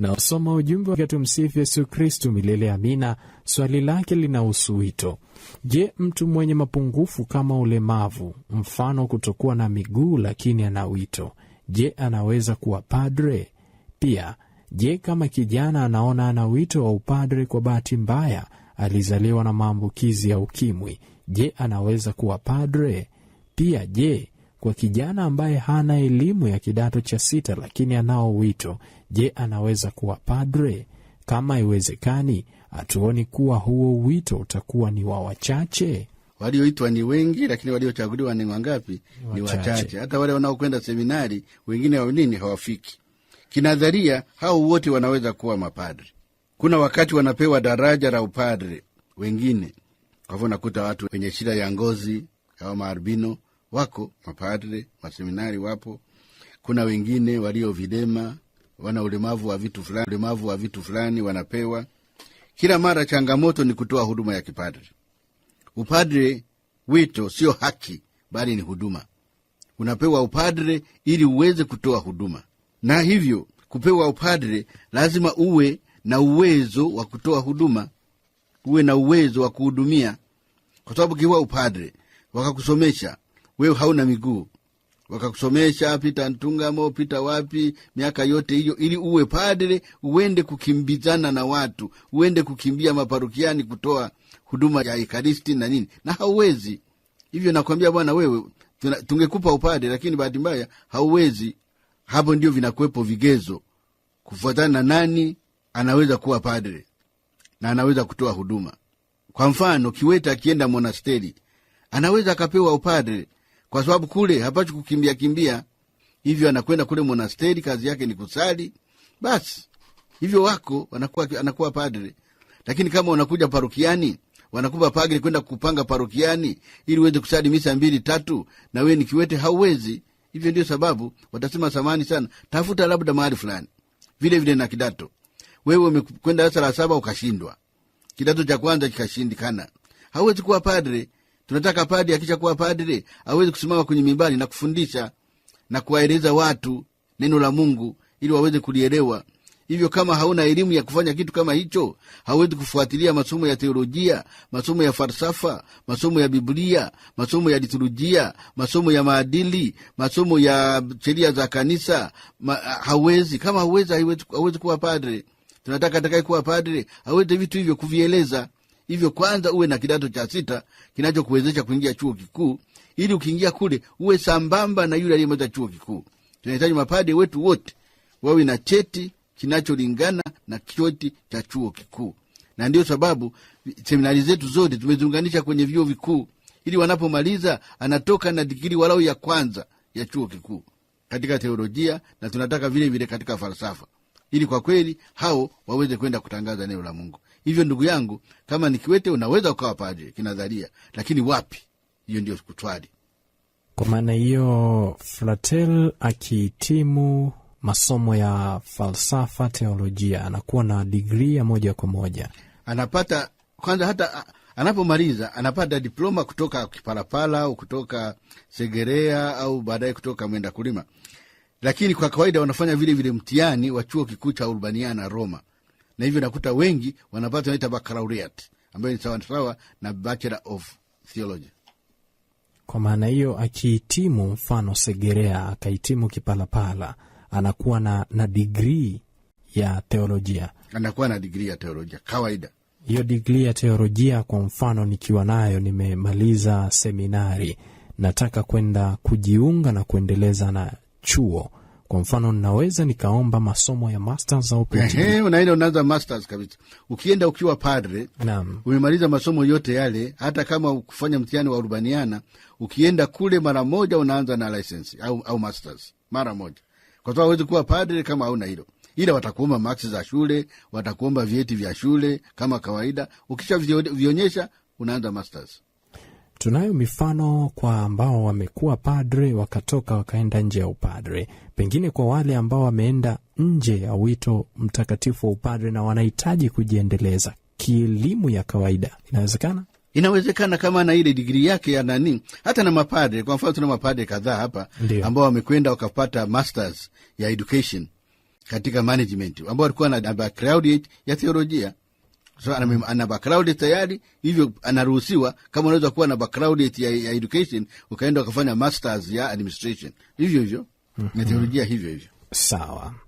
na usoma ujumbe wa tumsifu Yesu Kristu milele amina. Swali lake linahusu wito. Je, mtu mwenye mapungufu kama ulemavu, mfano kutokuwa na miguu, lakini ana wito, je, anaweza kuwa padre? Pia je, kama kijana anaona ana wito wa upadre, kwa bahati mbaya alizaliwa na maambukizi ya ukimwi, je, anaweza kuwa padre? Pia je kwa kijana ambaye hana elimu ya kidato cha sita lakini anao wito, je, anaweza kuwa padre? Kama iwezekani, hatuoni kuwa huo wito utakuwa ni wa wachache? Walioitwa ni wengi, lakini waliochaguliwa ni wangapi? Ni wachache. Hata wale wanaokwenda seminari, wengine wa nini hawafiki. Kinadharia hao wote wanaweza kuwa mapadri. Kuna wakati wanapewa daraja la upadre wengine. Kwa hivyo watu wenye shida ya ngozi au maarbino wako mapadre, maseminari wapo, kuna wengine walio vilema, wana ulemavu wa vitu fulani, ulemavu wa vitu fulani wanapewa. Kila mara changamoto ni kutoa huduma ya kipadre. Upadre wito sio haki, bali ni huduma. Unapewa upadre ili uweze kutoa huduma, na hivyo kupewa upadre lazima uwe na uwezo wa kutoa huduma, uwe na uwezo wa kuhudumia, kwa sababu kiwa upadre wakakusomesha wewe hauna miguu wakakusomesha pita ntungamo pita wapi miaka yote hiyo ili uwe padre uende kukimbizana na watu uende kukimbia maparukiani kutoa huduma ya ekaristi na nini na hauwezi hivyo nakwambia bwana wewe tungekupa upade lakini bahati mbaya hauwezi hapo ndio vinakuwepo vigezo kufuatana na nani anaweza kuwa padre na anaweza kutoa huduma kwa mfano kiweta akienda monasteri anaweza akapewa upadre kwa sababu kule hapachi kukimbia kimbia hivyo, anakwenda kule monasteri, kazi yake ni kusali basi. Hivyo wako wanakuwa, anakuwa padre. Lakini kama unakuja parokiani, wanakupa padre kwenda kupanga parokiani ili uweze kusali misa mbili tatu, na wewe nikiwete hauwezi. Hivyo ndio sababu watasema samani sana, tafuta labda mahali fulani vile vile na kidato. Wewe umekwenda darasa la saba ukashindwa, kidato cha kwanza kikashindikana, hauwezi kuwa padre tunataka padri akishakuwa padri awezi kusimama kwenye mimbari na kufundisha na kuwaeleza watu neno la Mungu ili waweze kulielewa. Hivyo kama hauna elimu ya kufanya kitu kama hicho, hawezi kufuatilia masomo ya teolojia, masomo ya falsafa, masomo ya Biblia, masomo ya liturujia, masomo ya maadili, masomo ya sheria za kanisa ma, hawezi. Kama hawezi, hawezi kuwa padre. Tunataka atakae kuwa padre aweze vitu hivyo kuvieleza. Hivyo kwanza uwe na kidato cha sita kinachokuwezesha kuingia chuo kikuu, ili ukiingia kule uwe sambamba na yule aliyemaliza chuo kikuu. Tunahitaji mapade wetu wote wawe na cheti kinacholingana na cheti cha chuo kikuu, na ndiyo sababu seminari zetu zote tumeziunganisha kwenye vyuo vikuu, ili wanapomaliza anatoka na digiri walau ya kwanza ya chuo kikuu katika teolojia, na tunataka vilevile vile katika falsafa, ili kwa kweli hao waweze kwenda kutangaza neno la Mungu. Hivyo ndugu yangu, kama ni kiwete unaweza ukawa padri kinadharia, lakini wapi? Hiyo ndio kutwali. Kwa maana hiyo, flatel akihitimu masomo ya falsafa teolojia, anakuwa na digri ya moja kwa moja, anapata kwanza, hata anapomaliza anapata diploma kutoka Kipalapala au kutoka Segerea au baadaye kutoka Mwenda Kulima, lakini kwa kawaida wanafanya vilevile mtiani wa chuo kikuu cha Urbaniana Roma na hivyo nakuta wengi wanapata naita baccalaureate ambayo ni sawasawa na bachelor of theology. Kwa maana hiyo, akihitimu mfano Segerea akahitimu Kipalapala, anakuwa na, na digrii ya teolojia, anakuwa na digrii ya teolojia kawaida. Hiyo digrii ya teolojia kwa mfano, nikiwa nayo nimemaliza seminari, nataka kwenda kujiunga na kuendeleza na chuo kwa mfano ninaweza nikaomba masomo ya masters au PhD. E. Unaenda unaanza masters kabisa, ukienda ukiwa padre, naam, umemaliza masomo yote yale, hata kama kufanya mtihani wa urubaniana, ukienda kule mara moja unaanza na license au, au masters mara moja, kwa sababu awezi kuwa padre kama hauna hilo ila watakuomba maksi za shule, watakuomba vyeti vya shule kama kawaida. Ukisha vionyesha, unaanza masters. Tunayo mifano kwa ambao wamekuwa padre wakatoka wakaenda nje ya upadre, pengine kwa wale ambao wameenda nje ya wito mtakatifu wa upadre na wanahitaji kujiendeleza kielimu ya kawaida, inawezekana inawezekana kama na ile digrii yake ya nani, hata na mapadre. Kwa mfano, tuna mapadre kadhaa hapa ambao wamekwenda wakapata masters ya education katika management ambao walikuwa na background ya theolojia so, ana, ana background tayari hivyo anaruhusiwa kama unaweza kuwa na background ya, ya education ukaenda ukafanya masters ya administration hivyo hivyo mm -hmm. na teolojia hivyo hivyo sawa